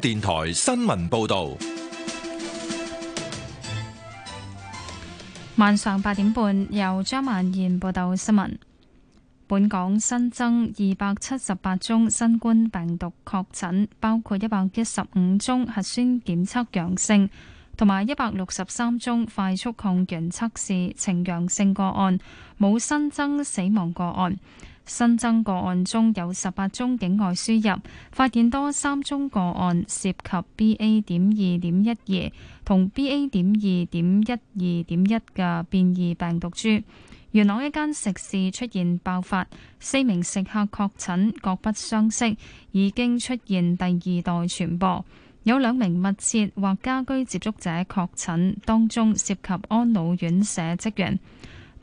電台新聞報道，晚上八點半由張曼燕報道新聞。本港新增二百七十八宗新冠病毒確診，包括一百一十五宗核酸檢測陽性，同埋一百六十三宗快速抗原測試呈陽性個案，冇新增死亡個案。新增個案中有十八宗境外輸入，發現多三宗個案涉及 BA. 點二點一二同 BA. 點二點一二點一嘅變異病毒株。元朗一間食肆出現爆發，四名食客確診各不相識，已經出現第二代傳播。有兩名密切或家居接觸者確診，當中涉及安老院舍職員。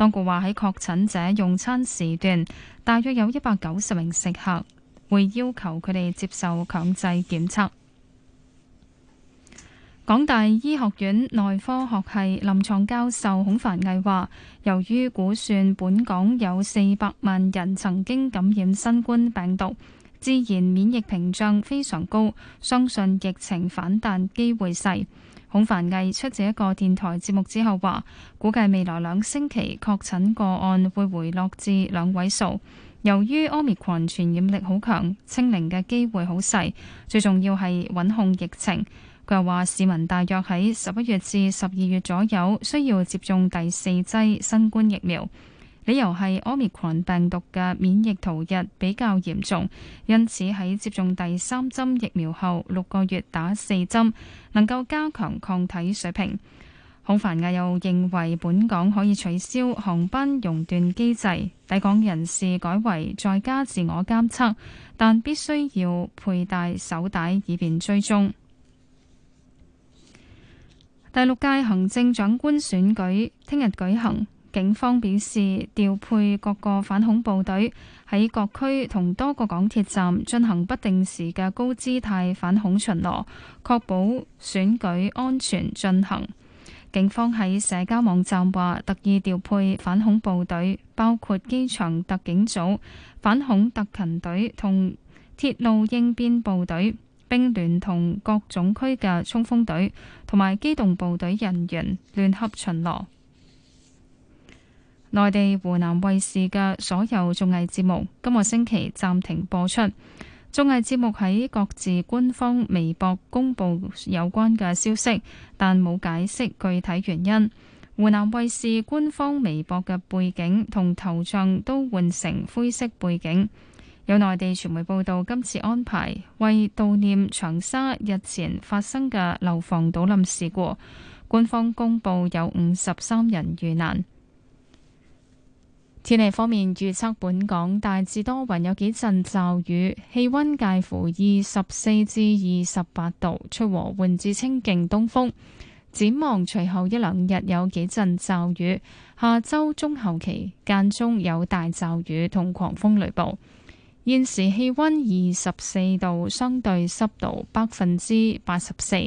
當局話喺確診者用餐時段，大約有一百九十名食客會要求佢哋接受強制檢測。港大醫學院內科學系臨床教授孔凡毅話，由於估算本港有四百萬人曾經感染新冠病毒，自然免疫屏障非常高，相信疫情反彈機會細。孔繁毅出席一個電台節目之後話，估計未來兩星期確診個案會回落至兩位數。由於歐米群傳染力好強，清零嘅機會好細，最重要係穩控疫情。佢又話市民大約喺十一月至十二月左右需要接種第四劑新冠疫苗。理由係 Omicron 病毒嘅免疫逃逸比較嚴重，因此喺接種第三針疫苗後六個月打四針，能夠加強抗體水平。孔凡亞又認為，本港可以取消航班熔斷機制，抵港人士改為在家自我監測，但必須要佩戴手帶以便追蹤。第六屆行政長官選舉聽日舉行。警方表示，調配各個反恐部隊喺各區同多個港鐵站進行不定時嘅高姿態反恐巡邏，確保選舉安全進行。警方喺社交網站話，特意調配反恐部隊，包括機場特警組、反恐特勤隊同鐵路應變部隊，並聯同各總區嘅衝鋒隊同埋機動部隊人員聯合巡邏。內地湖南衛視嘅所有綜藝節目今個星期暫停播出。綜藝節目喺各自官方微博公布有關嘅消息，但冇解釋具體原因。湖南衛視官方微博嘅背景同頭像都換成灰色背景。有內地傳媒報道，今次安排為悼念長沙日前發生嘅樓房倒冧事故，官方公佈有五十三人遇難。天氣方面，預測本港大致多雲，有幾陣驟雨，氣溫介乎二十四至二十八度，吹和緩至清勁東風。展望隨後一兩日有幾陣驟雨，下周中後期間中有大驟雨同狂風雷暴。現時氣溫二十四度，相對濕度百分之八十四。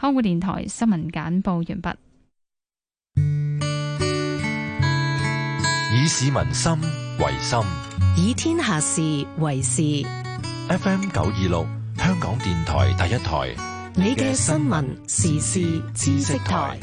香港電台新聞簡報完畢。以市民心為心，以天下事為事。FM 九二六，香港電台第一台，你嘅新聞時事知識台。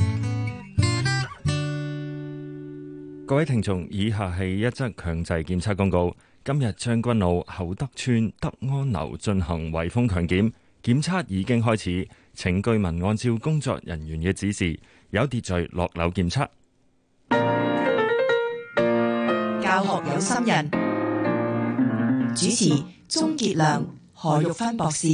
各位聽眾，以下係一則強制檢測公告。今日將軍澳厚德邨德安樓進行違風強檢，檢測已經開始，請居民按照工作人員嘅指示，有秩序落樓檢測。教學有心人，主持鍾傑良、何玉芬博士。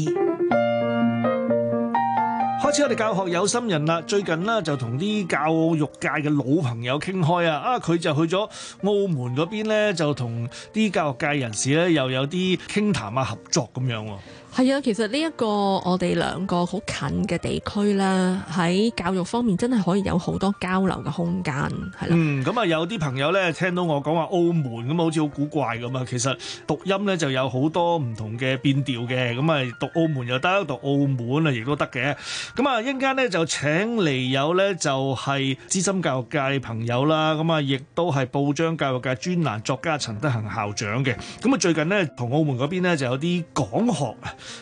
開始我哋教學有心人啦，最近呢就同啲教育界嘅老朋友傾開啊，啊佢就去咗澳門嗰邊呢，就同啲教育界人士呢又有啲傾談啊，合作咁樣。係啊，其實呢一個我哋兩個好近嘅地區啦，喺教育方面真係可以有好多交流嘅空間，係咯。嗯，咁啊有啲朋友咧聽到我講話澳門咁，好似好古怪咁啊。其實讀音咧就有好多唔同嘅變調嘅，咁啊讀澳門又得，讀澳門啊亦都得嘅。咁啊一陣間咧就請嚟有咧就係資深教育界朋友啦，咁啊亦都係報章教育界專欄作家陳德恒校長嘅。咁啊最近咧同澳門嗰邊咧就有啲講學。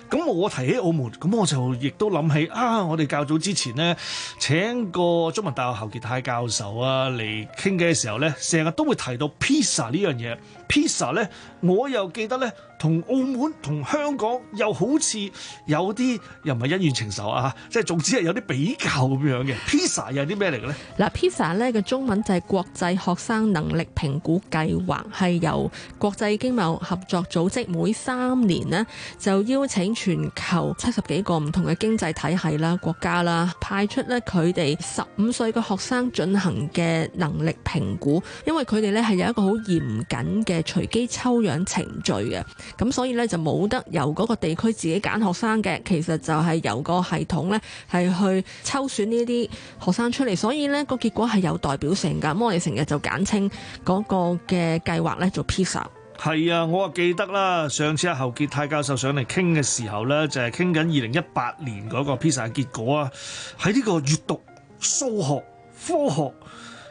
咁我提起澳門，咁我就亦都諗起啊！我哋較早之前咧，請過中文大學侯傑泰教授啊嚟傾嘅時候咧，成日都會提到 PISA 呢樣嘢。PISA 咧，我又記得咧。同澳門、同香港又好似有啲又唔係恩怨情仇啊！即係總之係有啲比較咁樣嘅。PISA 又係啲咩嚟嘅呢？嗱，PISA 咧嘅中文就係國際學生能力評估計劃，係由國際經貿合作組織每三年呢就邀請全球七十幾個唔同嘅經濟體系啦、國家啦，派出咧佢哋十五歲嘅學生進行嘅能力評估，因為佢哋咧係有一個好嚴謹嘅隨機抽樣程序嘅。咁所以咧就冇得由嗰個地區自己揀學生嘅，其實就係由個系統咧係去抽選呢啲學生出嚟，所以咧個結果係有代表性㗎。我哋成日就簡稱嗰個嘅計劃咧做 PISA。係啊，我啊記得啦，上次阿侯傑泰教授上嚟傾嘅時候咧，就係傾緊二零一八年嗰個 PISA 嘅結果啊。喺呢個閱讀、數學、科學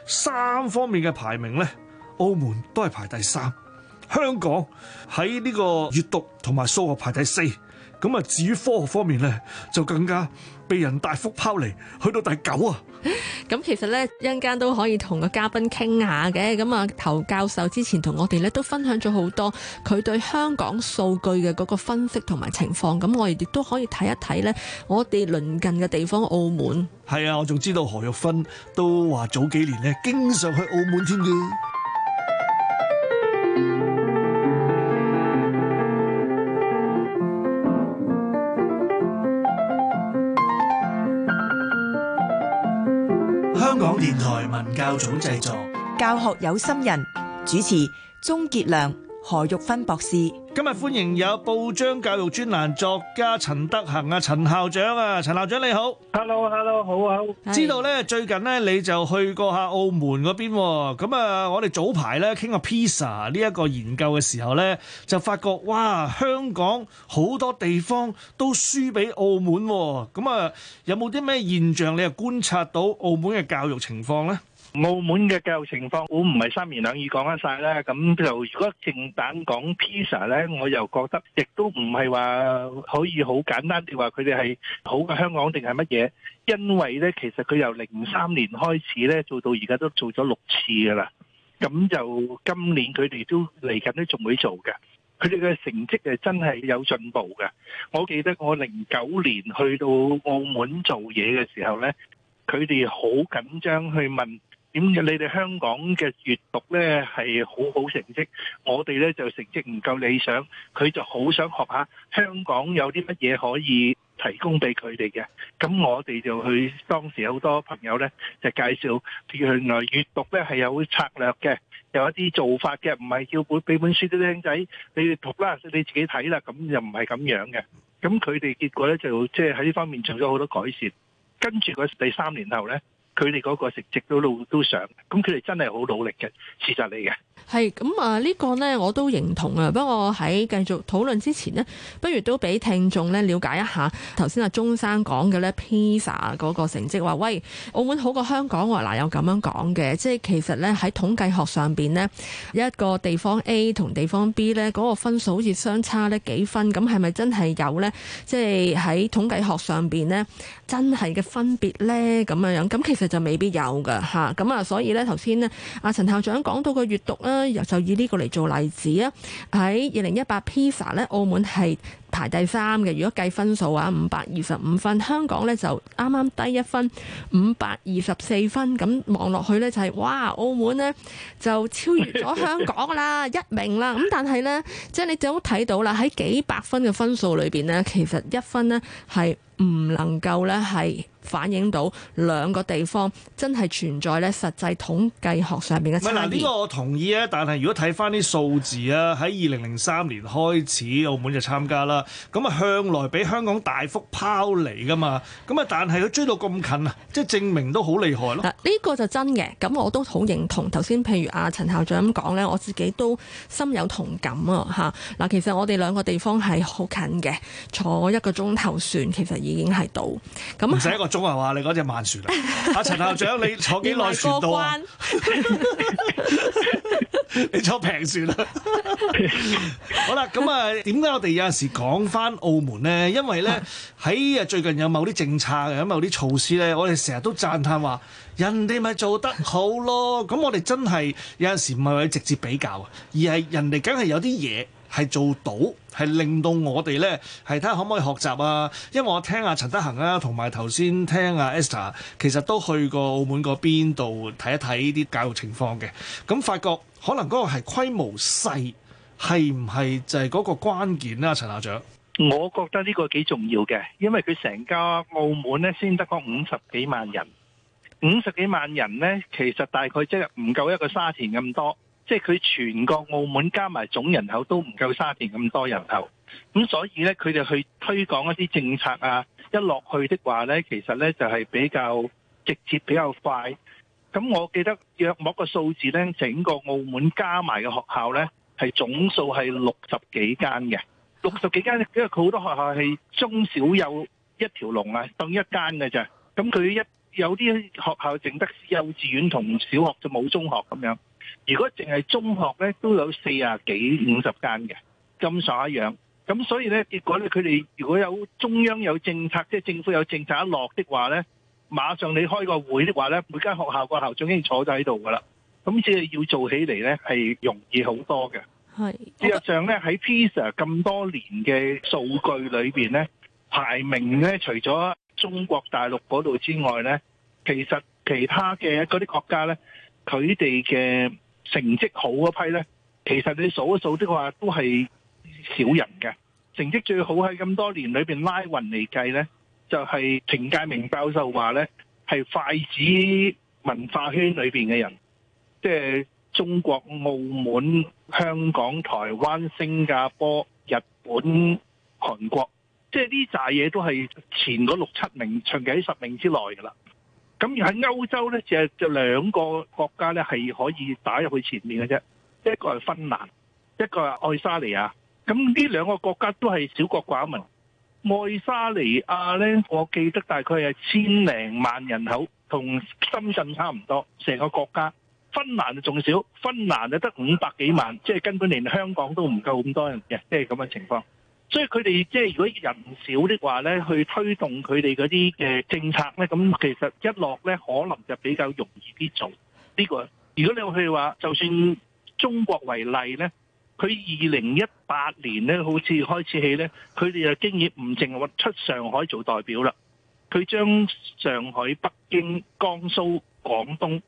三方面嘅排名咧，澳門都係排第三。香港喺呢個閱讀同埋數學排第四，咁啊至於科學方面咧，就更加被人大幅拋離，去到第九啊！咁其實咧，一陣間都可以同個嘉賓傾下嘅。咁啊，陶教授之前同我哋咧都分享咗好多佢對香港數據嘅嗰個分析同埋情況。咁我哋亦都可以睇一睇咧，我哋鄰近嘅地方澳門。係啊，我仲知道何玉芬都話早幾年咧，經常去澳門添嘅。文教總製作、教學有心人主持鍾杰良、何玉芬博士。今日歡迎有報章教育專欄作家陳德恒啊，陳校長啊，陳校長你好，Hello，Hello，好好。Hello, hello, hello. 知道咧，最近呢，你就去過下澳門嗰邊，咁啊，那我哋早排咧傾個 PISA 呢一個研究嘅時候咧，就發覺哇，香港好多地方都輸俾澳門，咁啊，有冇啲咩現象你啊觀察到澳門嘅教育情況咧？澳門嘅教育情況，我唔係三言兩語講得晒啦。咁就如，如果正膽講 PISA 咧，我又覺得亦都唔係話可以好簡單，話佢哋係好嘅香港定係乜嘢？因為咧，其實佢由零三年開始咧做到而家都做咗六次噶啦。咁就今年佢哋都嚟緊都仲會做嘅。佢哋嘅成績係真係有進步嘅。我記得我零九年去到澳門做嘢嘅時候咧，佢哋好緊張去問。咁你哋香港嘅閱讀咧係好好成績，我哋咧就成績唔夠理想，佢就好想學一下香港有啲乜嘢可以提供俾佢哋嘅。咁我哋就去當時好多朋友咧就介紹，原來閱讀咧係有策略嘅，有一啲做法嘅，唔係叫本俾本書啲僆仔你哋讀啦，你自己睇啦，咁又唔係咁樣嘅。咁佢哋結果咧就即係喺呢方面做咗好多改善。跟住嗰第三年後咧。佢哋嗰個成績都都上，咁佢哋真係好努力嘅事實嚟嘅。係咁啊，呢個呢我都認同啊。不過喺繼續討論之前呢，不如都俾聽眾呢了解一下。頭先阿鍾生講嘅呢，PISA 嗰個成績話喂，澳門好過香港。嗱有咁樣講嘅，即係其實呢，喺統計學上邊呢，一個地方 A 同地方 B 呢，嗰個分數好似相差呢幾分，咁係咪真係有呢？即係喺統計學上邊呢，真係嘅分別呢咁樣樣，咁其實就未必有噶吓。咁啊，所以呢，頭先呢，阿陳校長講到個閱讀。又就以呢個嚟做例子啊！喺二零一八 PISA 咧，澳門係排第三嘅。如果計分數啊，五百二十五分，香港呢就啱啱低一分，五百二十四分。咁望落去呢、就係，就係哇！澳門呢就超越咗香港啦， 一名啦。咁但係呢，即係你好睇到啦，喺幾百分嘅分數裏邊呢，其實一分呢係，唔能夠咧係反映到兩個地方真係存在咧實際統計學上邊嘅差異。呢個我同意啊，但係如果睇翻啲數字啊，喺二零零三年開始，澳門就參加啦，咁啊向來俾香港大幅拋離㗎嘛，咁啊但係佢追到咁近啊，即係證明都好厲害咯。嗱，呢個就真嘅，咁我都好認同。頭先譬如阿陳校長咁講呢，我自己都深有同感啊嚇。嗱，其實我哋兩個地方係好近嘅，坐一個鐘頭船其實。已經係到咁唔使一個鐘係話？你嗰隻慢船啊！阿 陳校長，你坐幾耐船到啊？你坐平船啦！好啦，咁啊，點解我哋有陣時講翻澳門咧？因為咧喺啊最近有某啲政策，有某啲措施咧，我哋成日都讚歎話人哋咪做得好咯。咁我哋真係有陣時唔係為直接比較，而係人哋梗係有啲嘢。係做到係令到我哋呢，係睇下可唔可以學習啊！因為我聽阿陳德恒啊，同埋頭先聽阿 Esther，其實都去過澳門嗰邊度睇一睇啲教育情況嘅。咁發覺可能嗰個係規模細，係唔係就係嗰個關鍵咧，啊？陳校長，我覺得呢個幾重要嘅，因為佢成家澳門呢，先得個五十幾萬人，五十幾萬人呢，其實大概即係唔夠一個沙田咁多。即係佢全國澳門加埋總人口都唔夠沙田咁多人口，咁所以呢，佢哋去推廣一啲政策啊。一落去的話呢，其實呢就係比較直接、比較快。咁我記得約莫個數字呢，整個澳門加埋嘅學校呢係總數係六十幾間嘅。六十幾間，因為佢好多學校係中小幼一條龍啊，等一間嘅啫。咁佢一有啲學校淨得幼稚園同小學就冇中學咁樣。如果淨係中學咧，都有四十幾五十間嘅咁傻一樣，咁所以咧，結果咧，佢哋如果有中央有政策，即係政府有政策一落的話咧，馬上你開個會的話咧，每間學校個校長已經坐咗喺度噶啦，咁即係要做起嚟咧，係容易好多嘅。係事實上咧，喺 PISA 咁多年嘅數據裏邊咧，排名咧，除咗中國大陸嗰度之外咧，其實其他嘅嗰啲國家咧。佢哋嘅成績好嗰批咧，其實你數一數的話都係少人嘅。成績最好喺咁多年裏邊拉勻嚟計咧，就係、是、程介明教授話咧，係筷子文化圈裏邊嘅人，即、就、係、是、中國、澳門、香港、台灣、新加坡、日本、韓國，即係呢扎嘢都係前嗰六七名長期喺十名之內噶啦。咁而喺歐洲呢，就就兩個國家呢係可以打入去前面嘅啫，一個係芬蘭，一個係愛沙尼亞。咁呢兩個國家都係小國寡民，愛沙尼亞呢，我記得大概係千零萬人口，同深圳差唔多，成個國家。芬蘭就仲少，芬蘭就得五百幾萬，即係根本連香港都唔夠咁多人嘅，即係咁嘅情況。所以佢哋即係如果人少的話咧，去推動佢哋嗰啲嘅政策咧，咁其實一落咧，可能就比較容易啲做呢，這個。如果你話譬如話就算中國為例咧，佢二零一八年咧，好似開始起咧，佢哋就經已唔淨係出上海做代表啦，佢將上海、北京、江蘇、廣東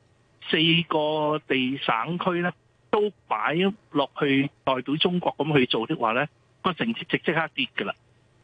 四個地省區咧，都擺落去代表中國咁去做的話咧。個成績即即刻跌㗎啦，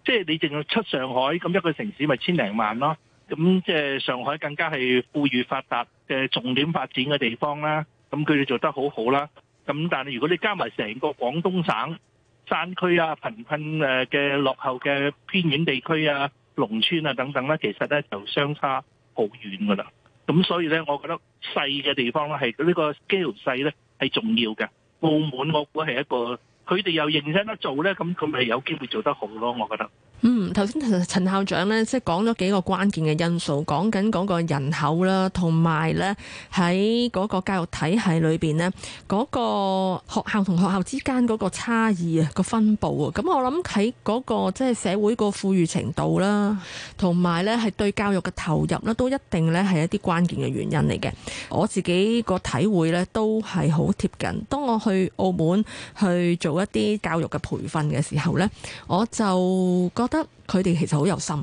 即係你淨係出上海咁一個城市，咪千零萬咯。咁即係上海更加係富裕發達嘅重點發展嘅地方啦。咁佢哋做得好好啦。咁但係如果你加埋成個廣東省山區啊、貧困誒嘅落後嘅偏遠地區啊、農村啊等等咧，其實咧就相差好遠㗎啦。咁所以咧，我覺得細嘅地方咧係呢個 scale 細咧係重要嘅。澳門我估係一個。佢哋又認真得做咧，咁佢咪有機會做得好咯，我覺得。嗯，頭先陳校長咧，即係講咗幾個關鍵嘅因素，講緊嗰個人口啦，同埋咧喺個教育體系裏邊咧，嗰個學校同學校之間個差異啊，嗰個分佈啊，咁我諗喺個即係社會個富裕程度啦，同埋咧係對教育嘅投入咧都一定咧係一啲關鍵嘅原因嚟嘅。我自己個體會咧都係好貼近。當我去澳門去做一啲教育嘅培訓嘅時候咧，我就我覺得佢哋其實好有心。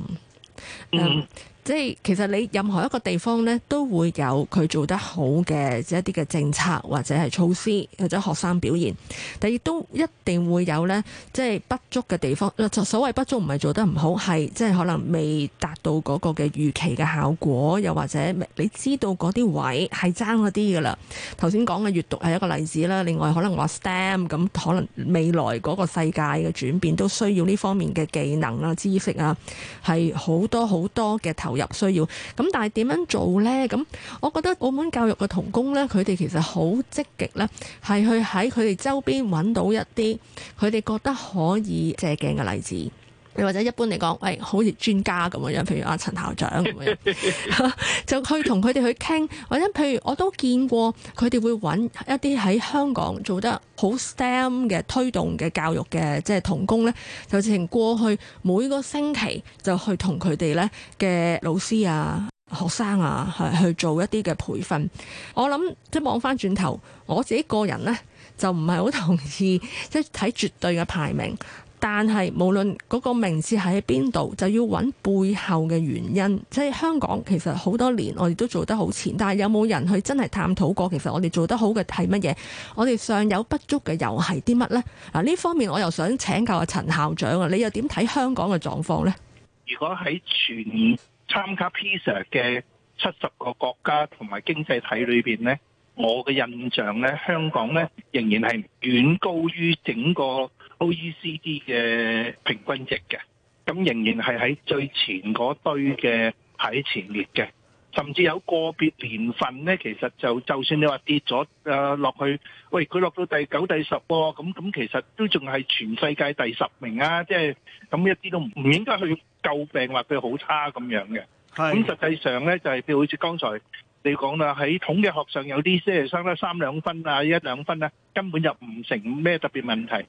嗯即係其實你任何一個地方咧，都會有佢做得好嘅一啲嘅政策或者係措施，或者學生表現，但亦都一定會有咧，即係不足嘅地方。就所謂不足唔係做得唔好，係即係可能未達到嗰個嘅預期嘅效果，又或者你知道嗰啲位係爭嗰啲噶啦。頭先講嘅閱讀係一個例子啦。另外可能話 STEM 咁，可能未來嗰個世界嘅轉變都需要呢方面嘅技能啊、知識啊，係好多好多嘅頭。投入需要咁，但係點樣做呢？咁我覺得澳門教育嘅同工呢，佢哋其實好積極咧，係去喺佢哋周邊揾到一啲佢哋覺得可以借鏡嘅例子。又或者一般嚟講，喂，好似專家咁嘅樣，譬如阿陳校長咁樣， 就去同佢哋去傾，或者譬如我都見過佢哋會揾一啲喺香港做得好 STEM 嘅推動嘅教育嘅即係童工咧，就直情過去每個星期就去同佢哋咧嘅老師啊、學生啊去去做一啲嘅培訓。我諗即望翻轉頭，我自己個人咧就唔係好同意即係睇絕對嘅排名。但係，無論嗰個名字喺邊度，就要揾背後嘅原因。即係香港其實好多年，我哋都做得好前，但係有冇人去真係探討過？其實我哋做得好嘅係乜嘢？我哋尚有不足嘅又係啲乜呢？嗱、啊，呢方面我又想請教阿陳校長啊，你又點睇香港嘅狀況呢？如果喺全參加 PISA 嘅七十個國家同埋經濟體裏邊呢，我嘅印象呢，香港呢仍然係遠高於整個。OECD 嘅平均值嘅，咁仍然係喺最前嗰堆嘅，喺前列嘅，甚至有個別年份咧，其實就就算你話跌咗落、啊、去，喂佢落到第九第十喎、哦，咁咁其實都仲係全世界第十名啊！即係咁一啲都唔應該去詬病話佢好差咁樣嘅。咁實際上咧就係譬如好似剛才你講啦，喺統計學上有啲即係差得三兩分啊，一兩分咧、啊、根本就唔成咩特別問題。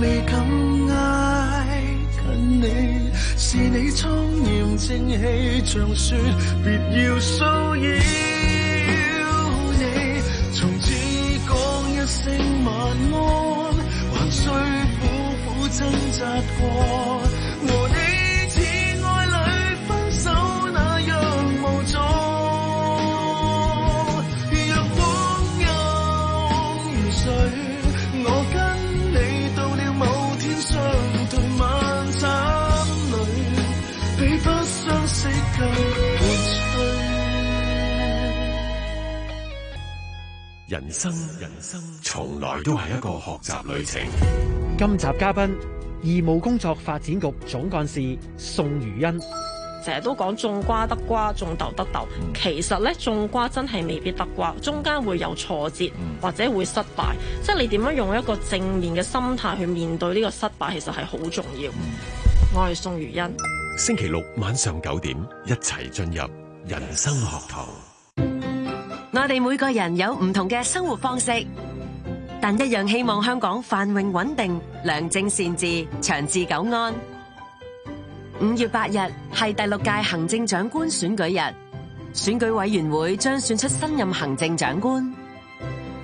未敢挨近你，是你莊嚴正氣像說，別要騷擾你。從此講一聲晚安，還需苦苦掙扎過。人生人生，從來都係一個學習旅程，嗯。今集嘉賓，義務工作發展局總幹事宋如恩，成日都講種瓜得瓜，種豆得豆，嗯。其實咧，種瓜真係未必得瓜，中間會有挫折，或者會失敗。嗯，即係你點樣用一個正面嘅心態去面對呢個失敗，其實係好重要。嗯，我係宋如恩。星期六晚上九點，一齊進入人生學堂。我哋每個人有唔同嘅生活方式，但一樣希望香港繁榮穩定、良政善治、長治久安。五月八日係第六屆行政長官選舉日，選舉委員會將選出新任行政長官。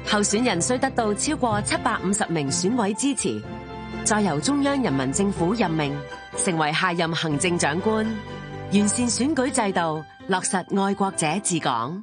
候選人需得到超過七百五十名選委支持，再由中央人民政府任命成為下任行政長官，完善選舉制度，落實愛國者治港。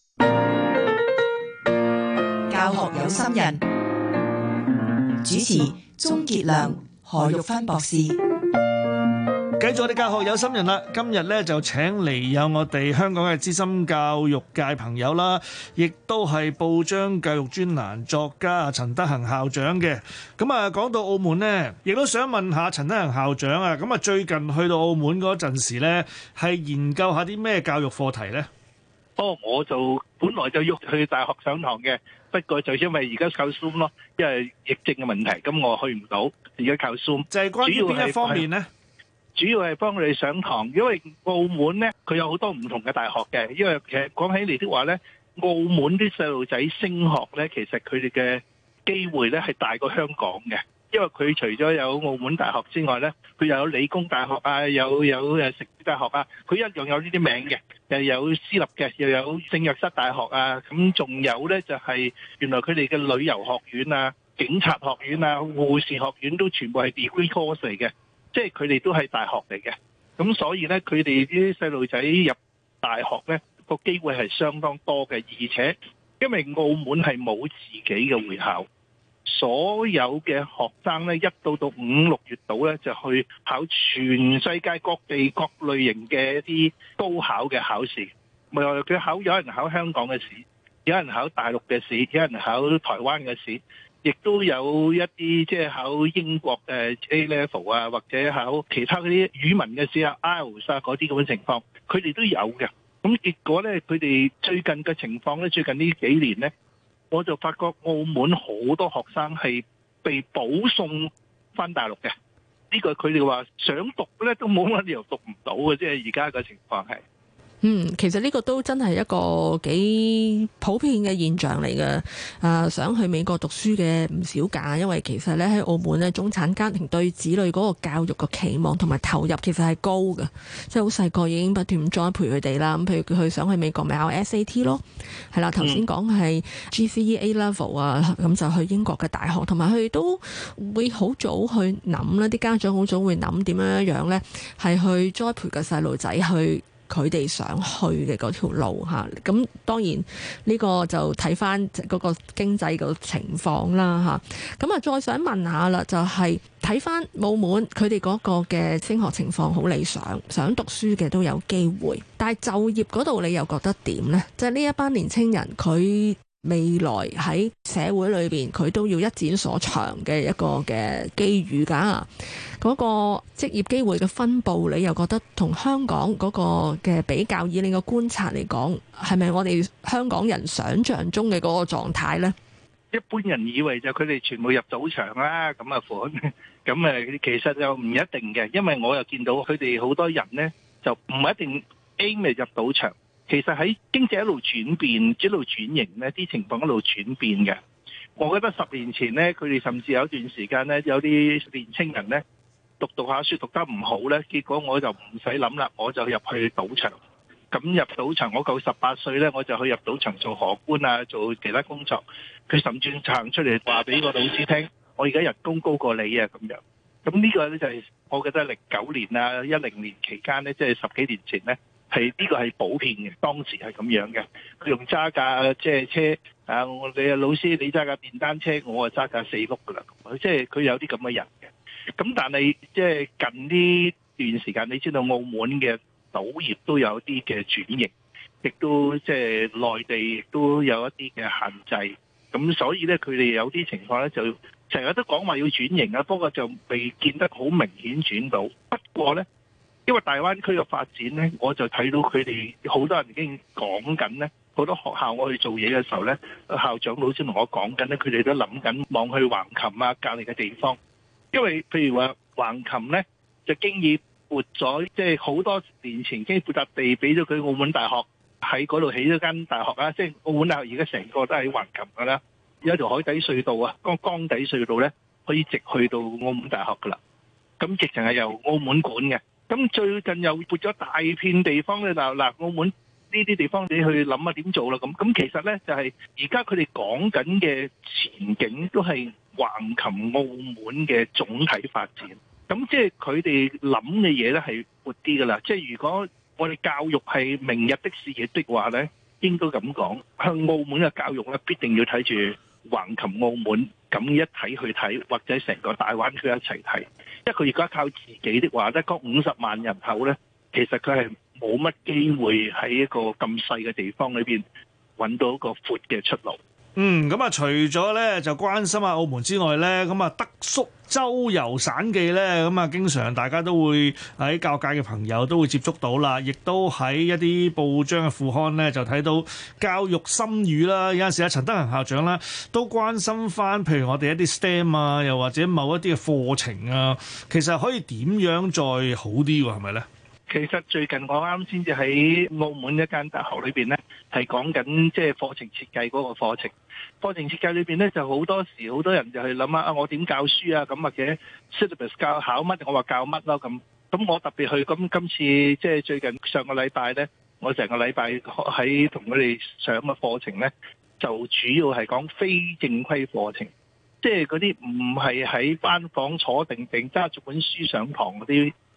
有心人主持：鍾杰良、何玉芬博士。繼續我哋教學有心人啦，今日咧就請嚟有我哋香港嘅資深教育界朋友啦，亦都係報章教育專欄作家陳德恒校長嘅。咁啊，講到澳門呢，亦都想問下陳德恒校長啊。咁啊，最近去到澳門嗰陣時咧，係研究下啲咩教育課題呢？我就本來就要去大學上堂嘅，不過就因為而家靠 Zoom 咯，因為疫症嘅問題，咁我去唔到而家靠 Zoom。就係、是、關於邊一方面咧？主要係幫佢哋上堂，因為澳門咧佢有好多唔同嘅大學嘅，因為其實講起嚟的話咧，澳門啲細路仔升學咧，其實佢哋嘅機會咧係大過香港嘅。因為佢除咗有澳門大學之外呢，佢又有理工大學啊，有有誒城市大學啊，佢一樣有呢啲名嘅，又有私立嘅，又有聖若瑟大學啊，咁仲有呢，就係、是、原來佢哋嘅旅遊學院啊、警察學院啊、護士學院都全部係 degree course 嚟嘅，即係佢哋都係大學嚟嘅。咁所以呢，佢哋啲細路仔入大學呢個機會係相當多嘅，而且因為澳門係冇自己嘅會考。所有嘅學生咧，一到到五六月度咧，就去考全世界各地各類型嘅一啲高考嘅考試。唔係佢考，有人考香港嘅試，有人考大陸嘅試，有人考台灣嘅試，亦都有一啲即係考英國嘅 A Level 啊，或者考其他嗰啲語文嘅試啊、IELTS 啊嗰啲咁嘅情況，佢哋都有嘅。咁結果咧，佢哋最近嘅情況咧，最近呢幾年咧。我就發覺澳門好多學生係被保送返大陸嘅，呢個佢哋話想讀咧都冇乜理由讀唔到嘅，即係而家嘅情況係。嗯，其實呢個都真係一個幾普遍嘅現象嚟嘅。啊、呃，想去美國讀書嘅唔少㗎，因為其實咧喺澳門咧，中產家庭對子女嗰個教育嘅期望同埋投入其實係高嘅，即係好細個已經不斷栽培佢哋啦。咁譬如佢想去美國咪考 S A T 咯，係、嗯、啦。頭先講係 G C E A level 啊，咁就去英國嘅大學，同埋佢都會好早去諗啦。啲家長好早會諗點樣樣咧，係去栽培個細路仔去。佢哋想去嘅嗰條路，咁當然呢個就睇翻嗰個經濟個情況啦。咁啊，再想問下啦，就係睇翻澳門佢哋嗰個嘅升學情況好理想，想讀書嘅都有機會。但係就業嗰度你又覺得點呢？即係呢一班年青人佢。未來喺社會裏邊，佢都要一展所長嘅一個嘅機遇噶。嗰個職業機會嘅分布，你又覺得同香港嗰個嘅比較，以你嘅觀察嚟講，係咪我哋香港人想象中嘅嗰個狀態呢？一般人以為就佢哋全部入賭場啦，咁啊款，咁啊，其實又唔一定嘅，因為我又見到佢哋好多人呢，就唔一定 A 未入賭場。其實喺經濟一路轉變、一路轉型呢啲情況一路轉變嘅。我覺得十年前呢，佢哋甚至有一段時間呢，有啲年青人呢，讀讀下書讀得唔好呢，結果我就唔使諗啦，我就入去賭場。咁入賭場，我夠十八歲呢，我就去入賭場做荷官啊，做其他工作。佢甚至行出嚟話俾個老師聽，我而家人工高過你啊！咁樣。咁呢個呢，就係我覺得零九年啊、一零年期間呢，即係十幾年前呢。係呢個係普遍嘅，當時係咁樣嘅。佢用揸架即係車啊！我你老師你揸架電單車，我啊揸架四碌噶啦。即係佢有啲咁嘅人嘅。咁但係即係近呢段時間，你知道澳門嘅賭業都有啲嘅轉型，亦都即係內地亦都有一啲嘅限制。咁所以咧，佢哋有啲情況咧，就成日都講話要轉型啊。不過就未見得好明顯轉到。不過咧。因為大灣區嘅發展咧，我就睇到佢哋好多人已經講緊咧，好多學校我去做嘢嘅時候咧，校長老師同我講緊咧，佢哋都諗緊望去橫琴啊，隔籬嘅地方。因為譬如話橫琴咧，就經已撥咗，即係好多年前經已負責地俾咗佢澳門大學喺嗰度起咗間大學啊，即係澳門大學而家成個都喺橫琴噶啦，有條海底隧道啊，江江底隧道咧可以直去到澳門大學噶啦，咁直情係由澳門管嘅。咁最近又撥咗大片地方咧，嗱嗱，澳門呢啲地方你去諗下點做啦。咁咁其實咧就係而家佢哋講緊嘅前景都係橫琴澳門嘅總體發展。咁即係佢哋諗嘅嘢咧係闊啲噶啦。即係如果我哋教育係明日的事嘅的話咧，應該咁講，向澳門嘅教育咧必定要睇住橫琴澳門咁一睇去睇，或者成個大灣區一齊睇。即係佢而家靠自己的話得個五十萬人口咧，其實佢係冇乜機會喺一個咁細嘅地方裏面揾到一個闊嘅出路。嗯，咁啊，除咗咧就關心下澳門之外咧，咁啊德叔周遊省記咧，咁啊經常大家都會喺教界嘅朋友都會接觸到啦，亦都喺一啲報章嘅副刊咧就睇到教育心語啦，有陣時阿陳德恒校長啦都關心翻，譬如我哋一啲 STEM 啊，又或者某一啲嘅課程啊，其實可以點樣再好啲喎？係咪咧？其實最近我啱先至喺澳門一間大學裏面咧，係講緊即係課程設計嗰個課程。課程設計裏面咧，就好多時好多人就係諗啊，我點教書啊咁或者 syllabus 教考乜，我話教乜咯咁。咁我特別去咁今次即係最近上個禮拜咧，我成個禮拜喺同佢哋上嘅課程咧，就主要係講非正規課程，即係嗰啲唔係喺班房坐定定揸住本書上堂嗰啲。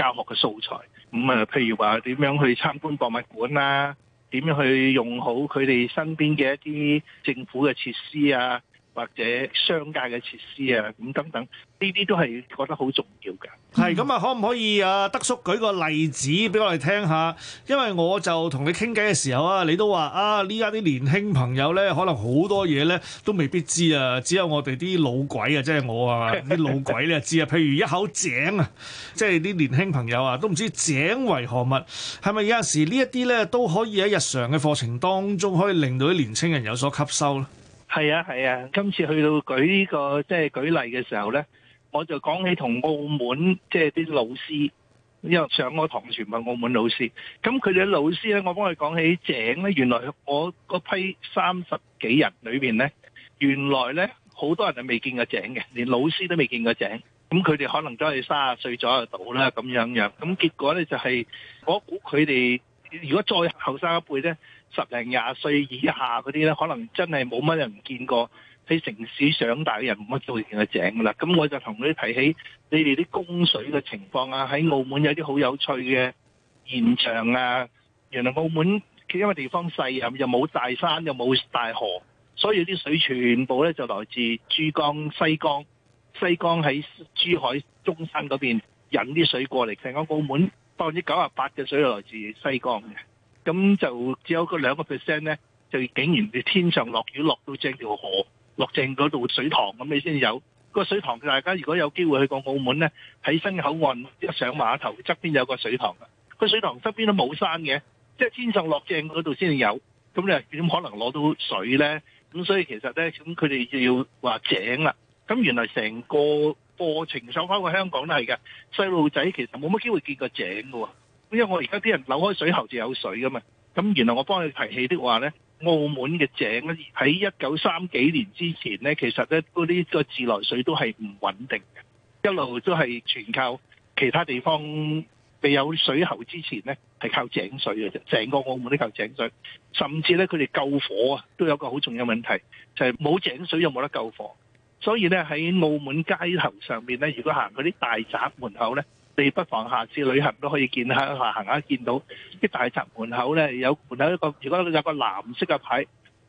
教學嘅素材，咁啊，譬如話點樣去參觀博物館啊，點樣去用好佢哋身邊嘅一啲政府嘅設施啊。或者商界嘅設施啊，咁等等，呢啲都係覺得好重要嘅。係咁啊，可唔可以啊，德叔舉個例子俾我哋聽下？因為我就同你傾偈嘅時候啊，你都話啊，呢家啲年輕朋友呢，可能好多嘢呢都未必知啊。只有我哋啲老鬼啊，即係我啊，啲 老鬼咧知啊。譬如一口井啊，即係啲年輕朋友啊，都唔知井為何物，係咪有陣時呢一啲呢，都可以喺日常嘅課程當中，可以令到啲年輕人有所吸收咧。係啊係啊，今次去到舉呢、個即係、就是、舉例嘅時候呢，我就講起同澳門即係啲老師，因為上我堂全部澳門老師，咁佢哋老師呢，我幫佢講起井呢，原來我嗰批三十幾人裏面呢，原來呢，好多人係未見過井嘅，連老師都未見過井，咁佢哋可能都係三十歲左右到啦咁樣樣，咁結果呢，就係、是、我估佢哋如果再後生一輩呢。十零廿歲以下嗰啲咧，可能真係冇乜人見過喺城市上大嘅人冇乜造應嘅井啦。咁我就同佢提起你哋啲供水嘅情況啊，喺澳門有啲好有趣嘅現象啊。原來澳門因為地方細啊，又冇大山又冇大河，所以啲水全部咧就來自珠江西江。西江喺珠海中山嗰邊引啲水過嚟，成個澳門百分之九十八嘅水就來自西江嘅。咁就只有個兩個 percent 咧，就竟然天上落雨落到正條河，落正嗰度水塘，咁你先有個水塘。大家如果有機會去過澳門咧，喺新口岸上碼頭側邊有個水塘嘅，個水塘側邊都冇山嘅，即係天上落正嗰度先至有。咁你點可能攞到水咧？咁所以其實咧，咁佢哋要話井啦。咁原來成個過程，上翻過香港都係嘅。細路仔其實冇乜機會見過井嘅喎。因為我而家啲人扭開水喉就有水噶嘛，咁原來我幫你提起的話呢，澳門嘅井喺一九三幾年之前呢，其實呢嗰啲個自來水都係唔穩定嘅，一路都係全靠其他地方未有水喉之前呢，係靠井水嘅啫，整個澳門都靠井水，甚至呢，佢哋救火啊都有個好重要問題，就係冇井水又冇得救火，所以呢，喺澳門街頭上面呢，如果行佢啲大宅門口呢。你不妨下次旅行都可以見下行下，見到啲大宅門口咧，有門口一個，如果有個藍色嘅牌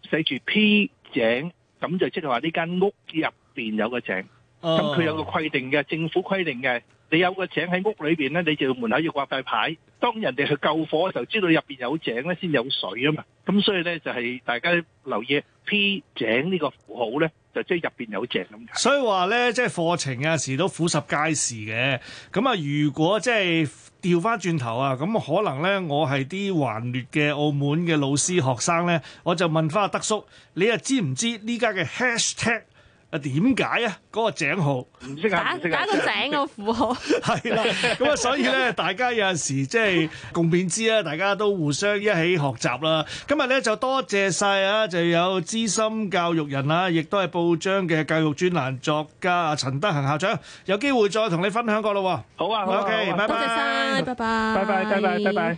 寫住 P 井，咁就即係話呢間屋入面有個井。咁佢有個規定嘅，政府規定嘅，你有個井喺屋裏面咧，你就門口要掛塊牌。當人哋去救火嘅時候，知道入面有井咧，先有水啊嘛。咁所以咧，就係大家留意 P 井呢個符號咧。就即係入邊又好正咁，所以話咧，即係課程有時都腐蝕街時嘅咁啊。如果即係調翻轉頭啊，咁可能咧，我係啲橫劣嘅澳門嘅老師學生咧，我就問翻阿德叔，你啊知唔知呢家嘅 hashtag？啊點解啊？嗰個井號，打打個井個符號，係啦。咁啊，所以咧，大家有陣時即係共勉之啦，大家都互相一起學習啦。今日咧就多謝曬啊，就有資深教育人啦，亦都係報章嘅教育專欄作家陳德恒校長。有機會再同你分享過咯。好啊，OK，多謝曬，拜拜，拜拜，拜拜，拜拜，拜拜。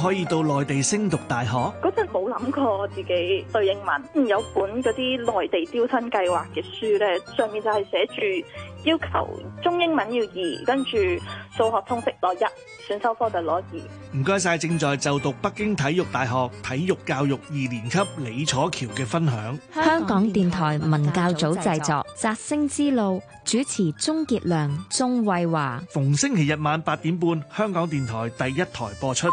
可以到內地升讀大學。嗰陣冇諗過自己對英文。嗯，有本嗰啲內地招生計劃嘅書咧，上面就係寫住要求中英文要二，跟住數學通識攞一，選修科就攞二。唔該晒，正在就讀北京體育大學體育教育二年級李楚橋嘅分享。香港電台文教組製作《擇星之路》，主持鍾杰良、鍾慧華。逢星期日晚八點半，香港電台第一台播出。